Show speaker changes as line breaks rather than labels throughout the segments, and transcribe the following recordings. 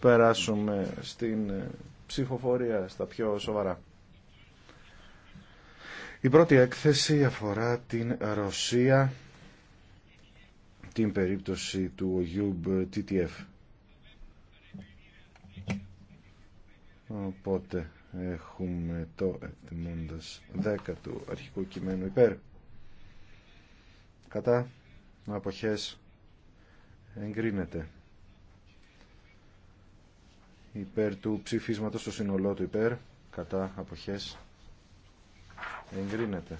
περάσουμε στην ε, ψηφοφορία στα πιο σοβαρά. Η πρώτη έκθεση αφορά την Ρωσία, την περίπτωση του ογιούμπ TTF. Οπότε έχουμε το ετοιμώντας 10 του αρχικού κειμένου υπέρ. Κατά αποχές εγκρίνεται υπέρ του ψηφίσματος στο σύνολό του υπέρ κατά αποχές εγκρίνεται.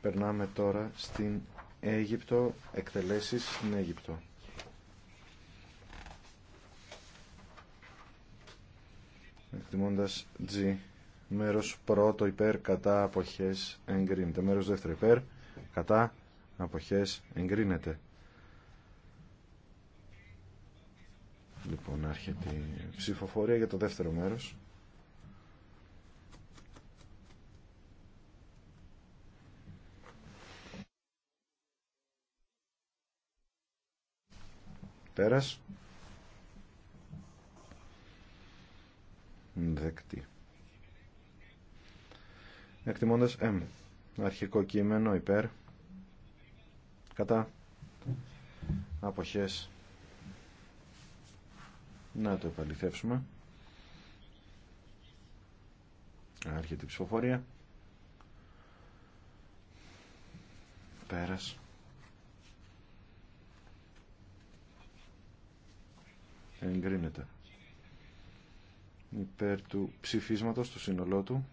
Περνάμε τώρα στην Αίγυπτο, εκτελέσεις στην Αίγυπτο. Εκτιμώντας G, μέρος πρώτο υπέρ κατά αποχές εγκρίνεται. Μέρος δεύτερο υπέρ κατά αποχές εγκρίνεται. λοιπόν άρχεται η ψηφοφορία για το δεύτερο μέρος. Πέρας. Δεκτή. Εκτιμώντας M. Αρχικό κείμενο υπέρ. Κατά. Αποχές να το επαληθεύσουμε. Άρχεται η ψηφοφορία. Πέρας. Εγκρίνεται. Υπέρ του ψηφίσματος, του σύνολό του,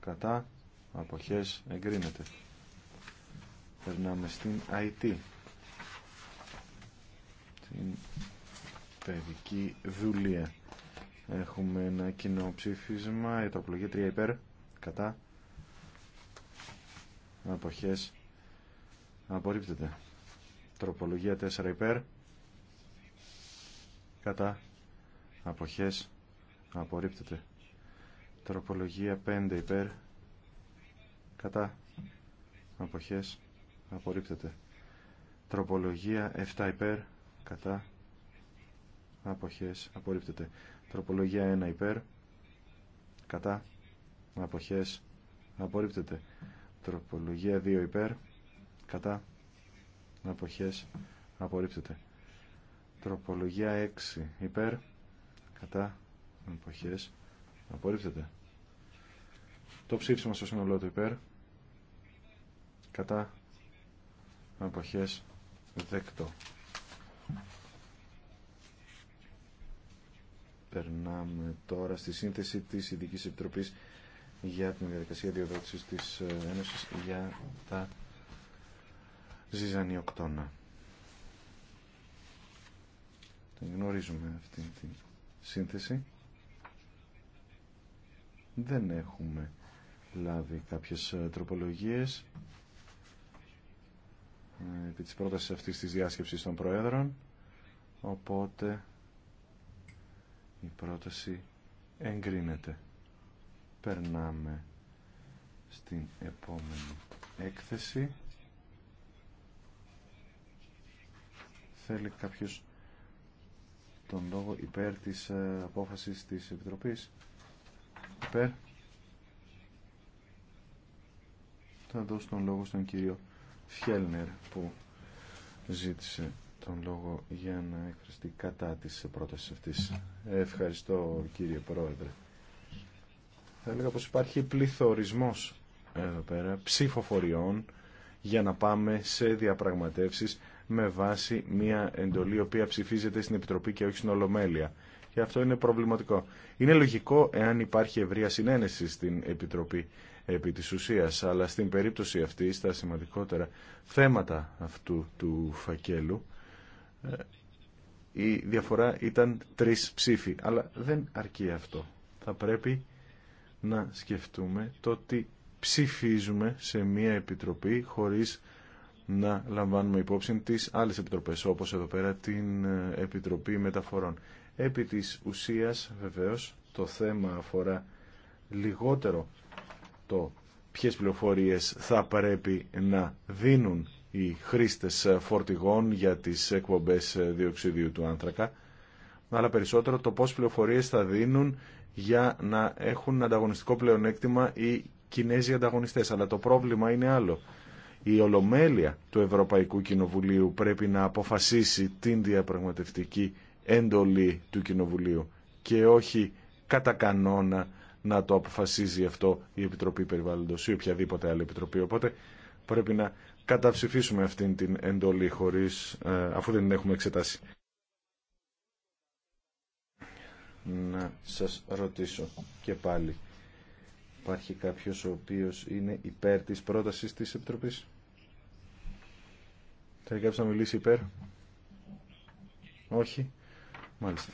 κατά, αποχές, εγκρίνεται. Περνάμε στην IT. Την παιδική δουλεία. Έχουμε ένα κοινό ψήφισμα, η τροπολογία 3 υπέρ, κατά, αποχές, απορρίπτεται. Τροπολογία 4 υπέρ, κατά, αποχές, απορρίπτεται. Τροπολογία 5 υπέρ, κατά, αποχές, απορρίπτεται. Τροπολογία 7 υπέρ, κατά, αποχές απορρίπτεται τροπολογία 1 υπέρ κατά αποχές απορρίπτεται τροπολογία 2 υπέρ κατά αποχές απορρίπτεται τροπολογία 6 υπέρ κατά αποχές απορρίπτεται το ψήφισμα στο σύνολό του υπέρ κατά αποχές δεκτό περνάμε τώρα στη σύνθεση της Ειδικής Επιτροπής για την διαδικασία διοδότησης της ε, Ένωσης για τα ζυζανιοκτώνα. Την γνωρίζουμε αυτή τη σύνθεση. Δεν έχουμε λάβει κάποιες ε, τροπολογίες ε, επί της πρότασης αυτής της διάσκεψης των Προέδρων οπότε η πρόταση εγκρίνεται. Περνάμε στην επόμενη έκθεση. Θέλει κάποιος τον λόγο υπέρ της ε, απόφασης της Επιτροπής. Υπέρ. Θα δώσω τον λόγο στον κύριο Φιέλνερ που ζήτησε τον λόγο για να εκφραστεί κατά της πρόταση αυτή. Ευχαριστώ κύριε Πρόεδρε. Θα έλεγα πως υπάρχει πληθωρισμό εδώ πέρα ψηφοφοριών για να πάμε σε διαπραγματεύσεις με βάση μια εντολή η οποία ψηφίζεται στην Επιτροπή και όχι στην Ολομέλεια. Και αυτό είναι προβληματικό. Είναι λογικό εάν υπάρχει ευρεία συνένεση στην Επιτροπή επί της ουσίας, αλλά στην περίπτωση αυτή, στα σημαντικότερα θέματα αυτού του φακέλου, ε, η διαφορά ήταν τρεις ψήφοι. Αλλά δεν αρκεί αυτό. Θα πρέπει να σκεφτούμε το ότι ψηφίζουμε σε μία επιτροπή χωρίς να λαμβάνουμε υπόψη τις άλλες επιτροπές, όπως εδώ πέρα την ε, Επιτροπή Μεταφορών. Επί της ουσίας, βεβαίως, το θέμα αφορά λιγότερο το ποιες πληροφορίες θα πρέπει να δίνουν οι χρήστες φορτηγών για τις εκπομπές διοξιδίου του άνθρακα, αλλά περισσότερο το πώς πληροφορίες θα δίνουν για να έχουν ανταγωνιστικό πλεονέκτημα οι Κινέζοι ανταγωνιστές. Αλλά το πρόβλημα είναι άλλο. Η Ολομέλεια του Ευρωπαϊκού Κοινοβουλίου πρέπει να αποφασίσει την διαπραγματευτική έντολη του Κοινοβουλίου και όχι κατά κανόνα να το αποφασίζει αυτό η Επιτροπή Περιβάλλοντος ή οποιαδήποτε άλλη Επιτροπή. πρέπει να καταψηφίσουμε αυτήν την εντολή χωρίς, ε, αφού δεν την έχουμε εξετάσει. Να σας ρωτήσω και πάλι. Υπάρχει κάποιος ο οποίος είναι υπέρ της πρότασης της Επιτροπής. Θέλει κάποιος να μιλήσει υπέρ. Όχι. Μάλιστα.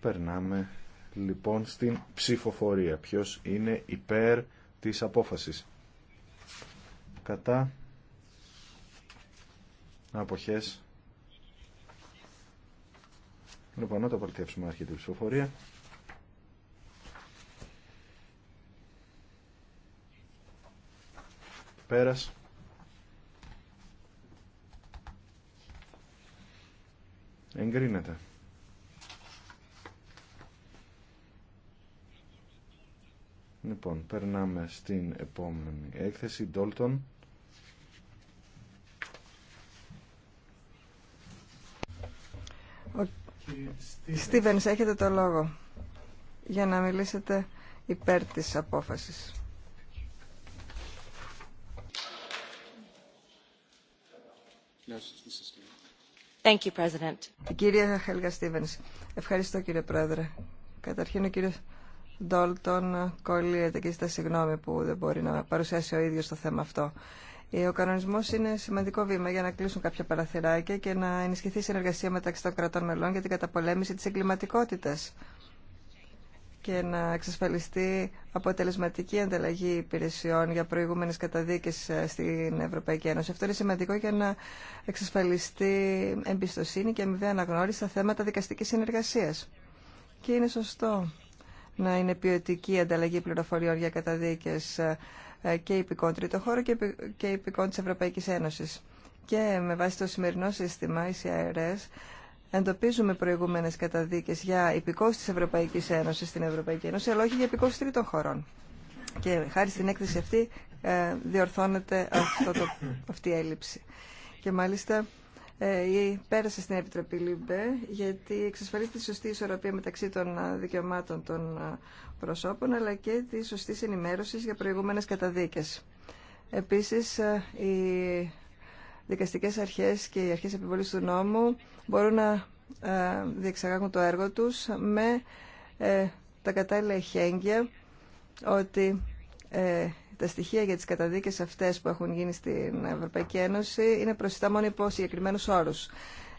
Περνάμε λοιπόν στην ψηφοφορία. Ποιος είναι υπέρ της απόφασης κατά αποχές λοιπόν να το αρχή την ψηφοφορία πέρας εγκρίνεται Λοιπόν, περνάμε στην επόμενη έκθεση, Dalton.
Ο... Στίβενς, έχετε το λόγο για να μιλήσετε υπέρ της απόφασης. Thank you, President. Κυρία Χέλγα Στίβενς, ευχαριστώ κύριε Πρόεδρε. Καταρχήν ο κύριος Ντόλτον κολλείεται και ζητά συγγνώμη που δεν μπορεί να παρουσιάσει ο ίδιο το θέμα αυτό. Ε, ο κανονισμό είναι σημαντικό βήμα για να κλείσουν κάποια παραθυράκια και να ενισχυθεί η συνεργασία μεταξύ των κρατών μελών για την καταπολέμηση τη εγκληματικότητα και να εξασφαλιστεί αποτελεσματική ανταλλαγή υπηρεσιών για προηγούμενε καταδίκε ε, στην Ευρωπαϊκή Ένωση. Αυτό είναι σημαντικό για να εξασφαλιστεί εμπιστοσύνη και αμοιβαία αναγνώριση στα θέματα δικαστική συνεργασία. Και είναι σωστό να είναι ποιοτική η ανταλλαγή πληροφοριών για καταδίκες ε, ε, και υπηκόν τρίτο χώρο και υπηκόν της Ευρωπαϊκής Ένωσης. Και με βάση το σημερινό σύστημα, η CIRS, εντοπίζουμε προηγούμενες καταδίκες για υπηκός της Ευρωπαϊκής Ένωσης στην Ευρωπαϊκή Ένωση, αλλά όχι για υπηκός τρίτων χωρών. Και χάρη στην έκθεση αυτή ε, διορθώνεται αυτό το, αυτή η έλλειψη. Και μάλιστα ή ε, πέρασε στην Επιτροπή ΛΥΜΠΕ γιατί εξασφαλίζει τη σωστή ισορροπία μεταξύ των ε, δικαιωμάτων των ε, προσώπων αλλά και τη σωστή ενημέρωση για προηγούμενες καταδίκες. Επίσης, οι δικαστικές αρχές και οι αρχές επιβολής του νόμου μπορούν να διεξαγάγουν το έργο τους με τα κατάλληλα εχέγγυα ότι τα στοιχεία για τι καταδίκες αυτέ που έχουν γίνει στην Ευρωπαϊκή Ένωση είναι προσιτά μόνο υπό συγκεκριμένου όρου.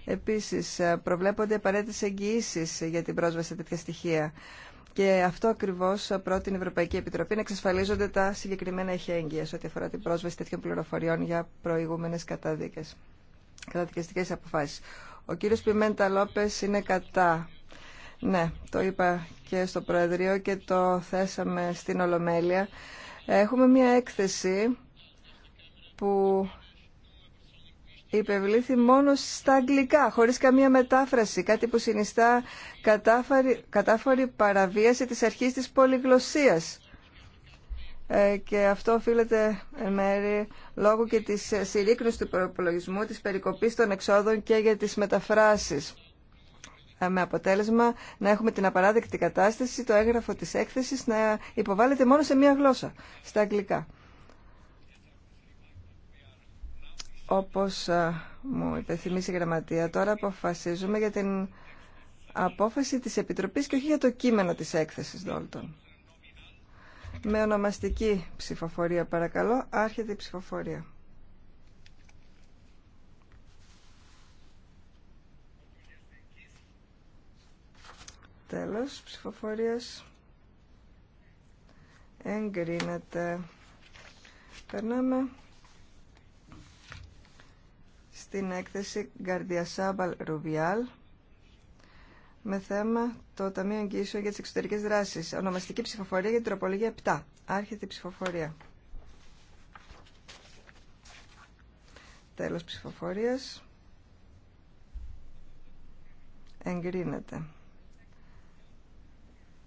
Επίση, προβλέπονται απαραίτητε εγγυήσει για την πρόσβαση σε τέτοια στοιχεία. Και αυτό ακριβώ πρότεινε η Ευρωπαϊκή Επιτροπή να εξασφαλίζονται τα συγκεκριμένα εχέγγυα ό,τι αφορά την πρόσβαση τέτοιων πληροφοριών για προηγούμενε καταδίκε. Καταδικαστικέ αποφάσει. Ο κύριο Πιμέντα Λόπε είναι κατά. Ναι, το είπα και στο Προεδρείο και το θέσαμε στην Ολομέλεια. Έχουμε μια έκθεση που υπευλήθη μόνο στα αγγλικά, χωρίς καμία μετάφραση, κάτι που συνιστά κατάφορη, παραβίαση της αρχής της πολυγλωσσίας. Ε, και αυτό οφείλεται εν μέρη λόγω και της συρρήκνωσης του προπολογισμού, της περικοπής των εξόδων και για τις μεταφράσεις. Ε, με αποτέλεσμα να έχουμε την απαράδεκτη κατάσταση, το έγγραφο της έκθεσης να υποβάλλεται μόνο σε μία γλώσσα, στα αγγλικά. Όπως ε, μου υπενθυμίσει η Γραμματεία, τώρα αποφασίζουμε για την απόφαση της Επιτροπής και όχι για το κείμενο της έκθεσης δόλτον Με ονομαστική ψηφοφορία παρακαλώ, άρχεται η ψηφοφορία. Τέλος ψηφοφορίας. Εγκρίνεται. Περνάμε στην έκθεση Γκαρδιασάμπαλ Ρουβιάλ με θέμα το Ταμείο Εγγύσεων για τις Εξωτερικές Δράσεις. Ονομαστική ψηφοφορία για την τροπολογία 7. Άρχεται η ψηφοφορία. Τέλος ψηφοφορίας. Εγκρίνεται.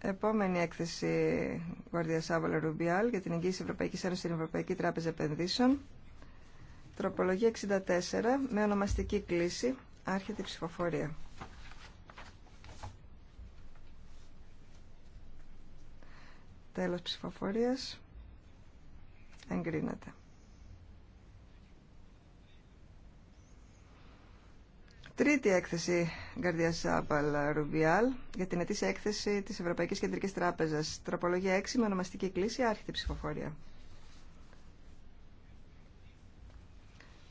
Επόμενη έκθεση Γουαρδία Σάβολα Ρουμπιάλ για την εγγύηση Ευρωπαϊκής Ένωση στην Ευρωπαϊκή Τράπεζα Επενδύσεων. Τροπολογία 64 με ονομαστική κλίση. Άρχεται η ψηφοφορία. Τέλος ψηφοφορίας. Εγκρίνεται. Τρίτη έκθεση Γκαρδία Σάπαλ Ρουμπιάλ για την ετήσια έκθεση τη Ευρωπαϊκή Κεντρική Τράπεζα. Τροπολογία 6 με ονομαστική κλίση, άρχιτη ψηφοφορία.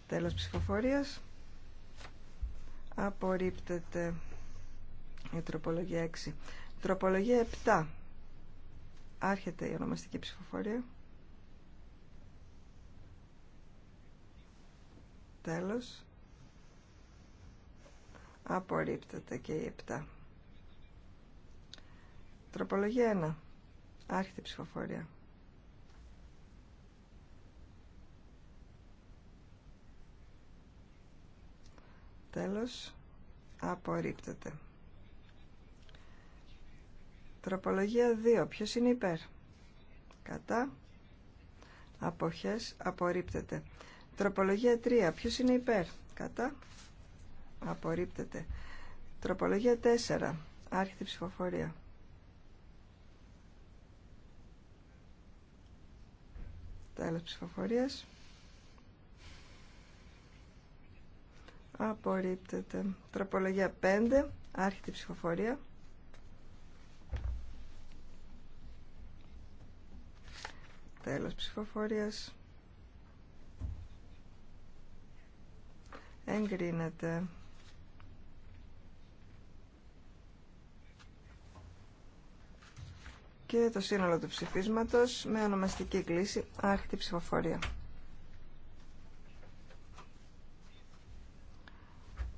Τέλος ψηφοφορία. Απορρίπτεται η τροπολογία 6. Τροπολογία 7. Άρχεται η ονομαστική ψηφοφορία. Τέλος. Απορρίπτεται και η 7. Τροπολογία 1. Άρχεται η ψηφοφορία. Τέλος. Απορρίπτεται. Τροπολογία 2. Ποιος είναι υπέρ. Κατά. Αποχές. Απορρίπτεται. Τροπολογία 3. Ποιος είναι υπέρ. Κατά. Απορρίπτεται. Τροπολογία 4. Άρχεται ψηφοφορία. Τέλος ψηφοφορίας. Απορρίπτεται. Τροπολογία 5. Άρχεται ψηφοφορία. Τέλος ψηφοφορίας. Εγκρίνεται. και το σύνολο του ψηφίσματος με ονομαστική κλίση άρχιτη ψηφοφορία.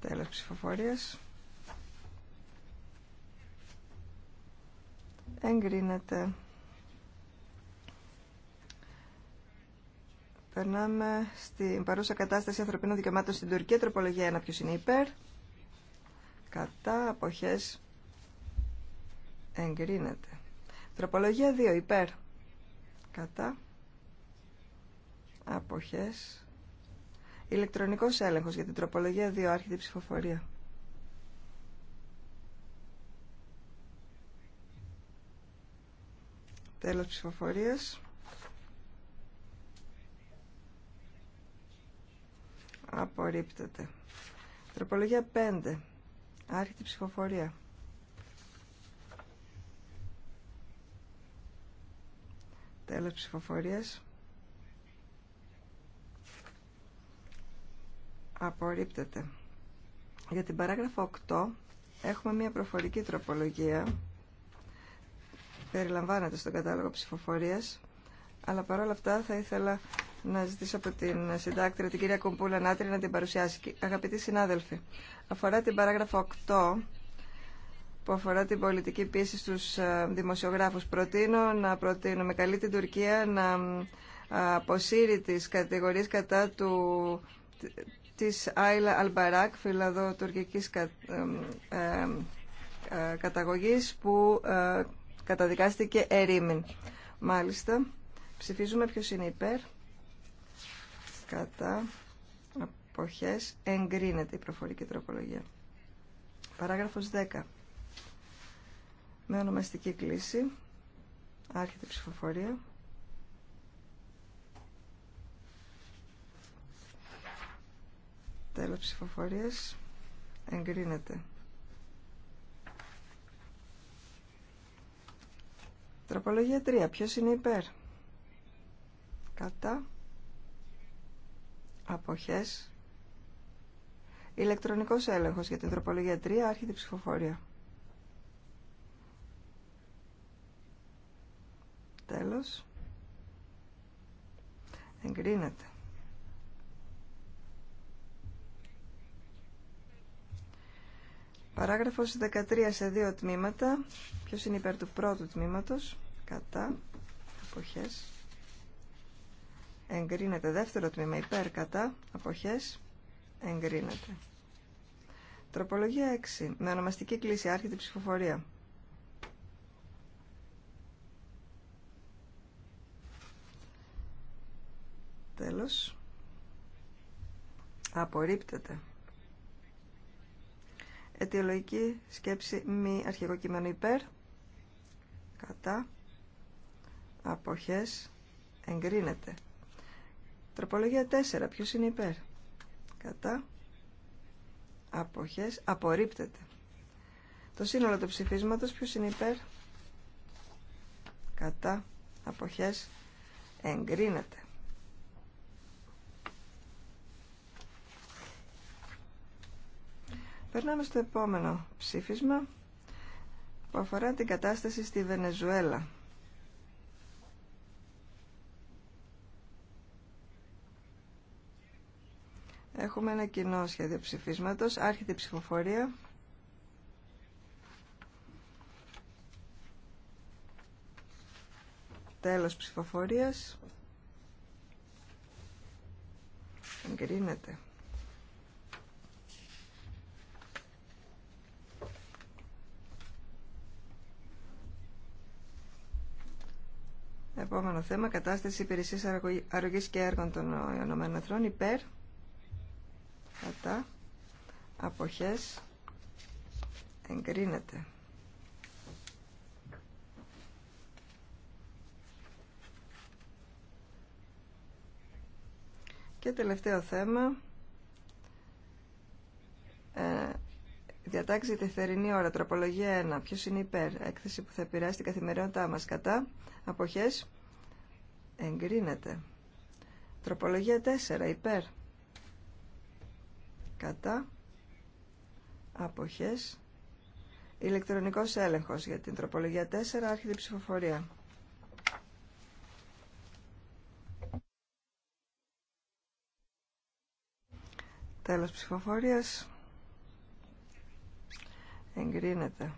Τέλος ψηφοφορίας. Εγκρίνεται. Περνάμε στην παρούσα κατάσταση ανθρωπίνων δικαιωμάτων στην Τουρκία. Τροπολογία 1. Ποιος είναι υπέρ. Κατά. Αποχές. Εγκρίνεται. Τροπολογία 2 υπέρ. Κατά. Αποχές. Ηλεκτρονικός έλεγχος για την τροπολογία 2 άρχεται ψηφοφορία. Τέλος ψηφοφορίας. Απορρίπτεται. Τροπολογία 5. Άρχεται ψηφοφορία. ψηφοφορία. ψηφοφορίας. Απορρίπτεται. Για την παράγραφο 8 έχουμε μια προφορική τροπολογία. Περιλαμβάνεται στον κατάλογο ψηφοφορίας. Αλλά παρόλα αυτά θα ήθελα να ζητήσω από την συντάκτρια την κυρία Κουμπούλα Νάτρη να την παρουσιάσει. Αγαπητοί συνάδελφοι, αφορά την παράγραφο 8 που αφορά την πολιτική πίεση στους ε, δημοσιογράφους. Προτείνω να προτείνουμε καλή την Τουρκία να ε, αποσύρει τις κατηγορίες κατά του, της Άιλα Αλμπαράκ, φιλαδό τουρκικής κα, ε, καταγωγής, που καταδικάστηκε ερήμην. Μάλιστα, ψηφίζουμε ποιος είναι υπέρ. Κατά αποχές εγκρίνεται η προφορική τροπολογία. Παράγραφος 10 με ονομαστική κλίση. Άρχεται η ψηφοφορία. Τέλος ψηφοφορίας. Εγκρίνεται. Τροπολογία 3. Ποιος είναι υπέρ. Κατά. Αποχές. Ηλεκτρονικός έλεγχος για την τροπολογία 3. Άρχεται η ψηφοφορία. Τέλος. Εγκρίνεται. Παράγραφος 13 σε δύο τμήματα. Ποιος είναι υπέρ του πρώτου τμήματος. Κατά. Αποχές. Εγκρίνεται. Δεύτερο τμήμα υπέρ. Κατά. Αποχές. Εγκρίνεται. Τροπολογία 6. Με ονομαστική κλίση. Άρχεται ψηφοφορία. Τέλος. Απορρίπτεται. Αιτιολογική σκέψη μη αρχικό κείμενο υπέρ. Κατά. Αποχές. Εγκρίνεται. Τροπολογία 4. Ποιος είναι υπέρ. Κατά. Αποχές. Απορρίπτεται. Το σύνολο του ψηφίσματος. Ποιος είναι υπέρ. Κατά. Αποχές. Εγκρίνεται. Περνάμε στο επόμενο ψήφισμα που αφορά την κατάσταση στη Βενεζουέλα. Έχουμε ένα κοινό σχέδιο ψηφίσματος, άρχεται η ψηφοφορία. Τέλος ψηφοφορίας. Εγκρίνεται. Επόμενο θέμα, κατάσταση υπηρεσίας αρρωγής και έργων των Εθνών υπέρ, κατά, αποχές, εγκρίνεται. Και τελευταίο θέμα, ε, διατάξει τη θερινή ώρα, τροπολογία 1, ποιος είναι υπέρ, έκθεση που θα επηρεάσει την καθημερινότητά μας κατά, αποχές, εγκρίνεται. Τροπολογία 4 υπέρ κατά αποχές ηλεκτρονικός έλεγχος για την τροπολογία 4 Άρχιτη ψηφοφορία. Τέλος ψηφοφορίας εγκρίνεται.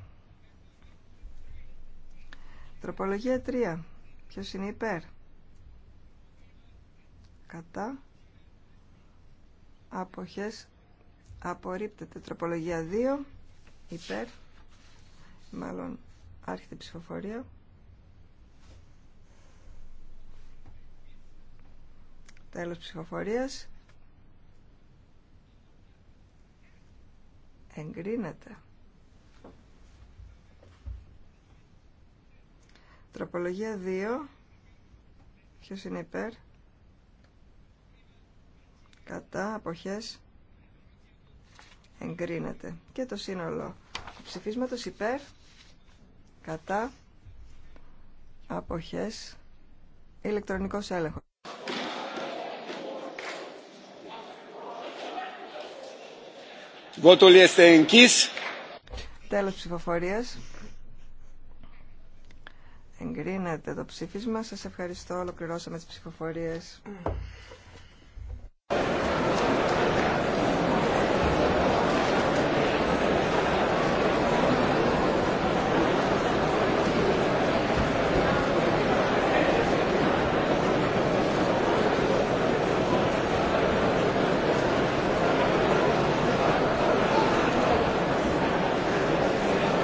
Τροπολογία 3. Ποιος είναι υπέρ κατά αποχές απορρίπτεται τροπολογία 2 υπέρ μάλλον άρχεται η ψηφοφορία τέλος ψηφοφορίας εγκρίνεται τροπολογία 2 ποιος είναι υπέρ κατά αποχές εγκρίνεται και το σύνολο του ψηφίσματος υπέρ κατά αποχές ηλεκτρονικός έλεγχος. Τέλος ψηφοφορίας. Εγκρίνεται το ψήφισμα. Σας ευχαριστώ. Ολοκληρώσαμε τις ψηφοφορίες.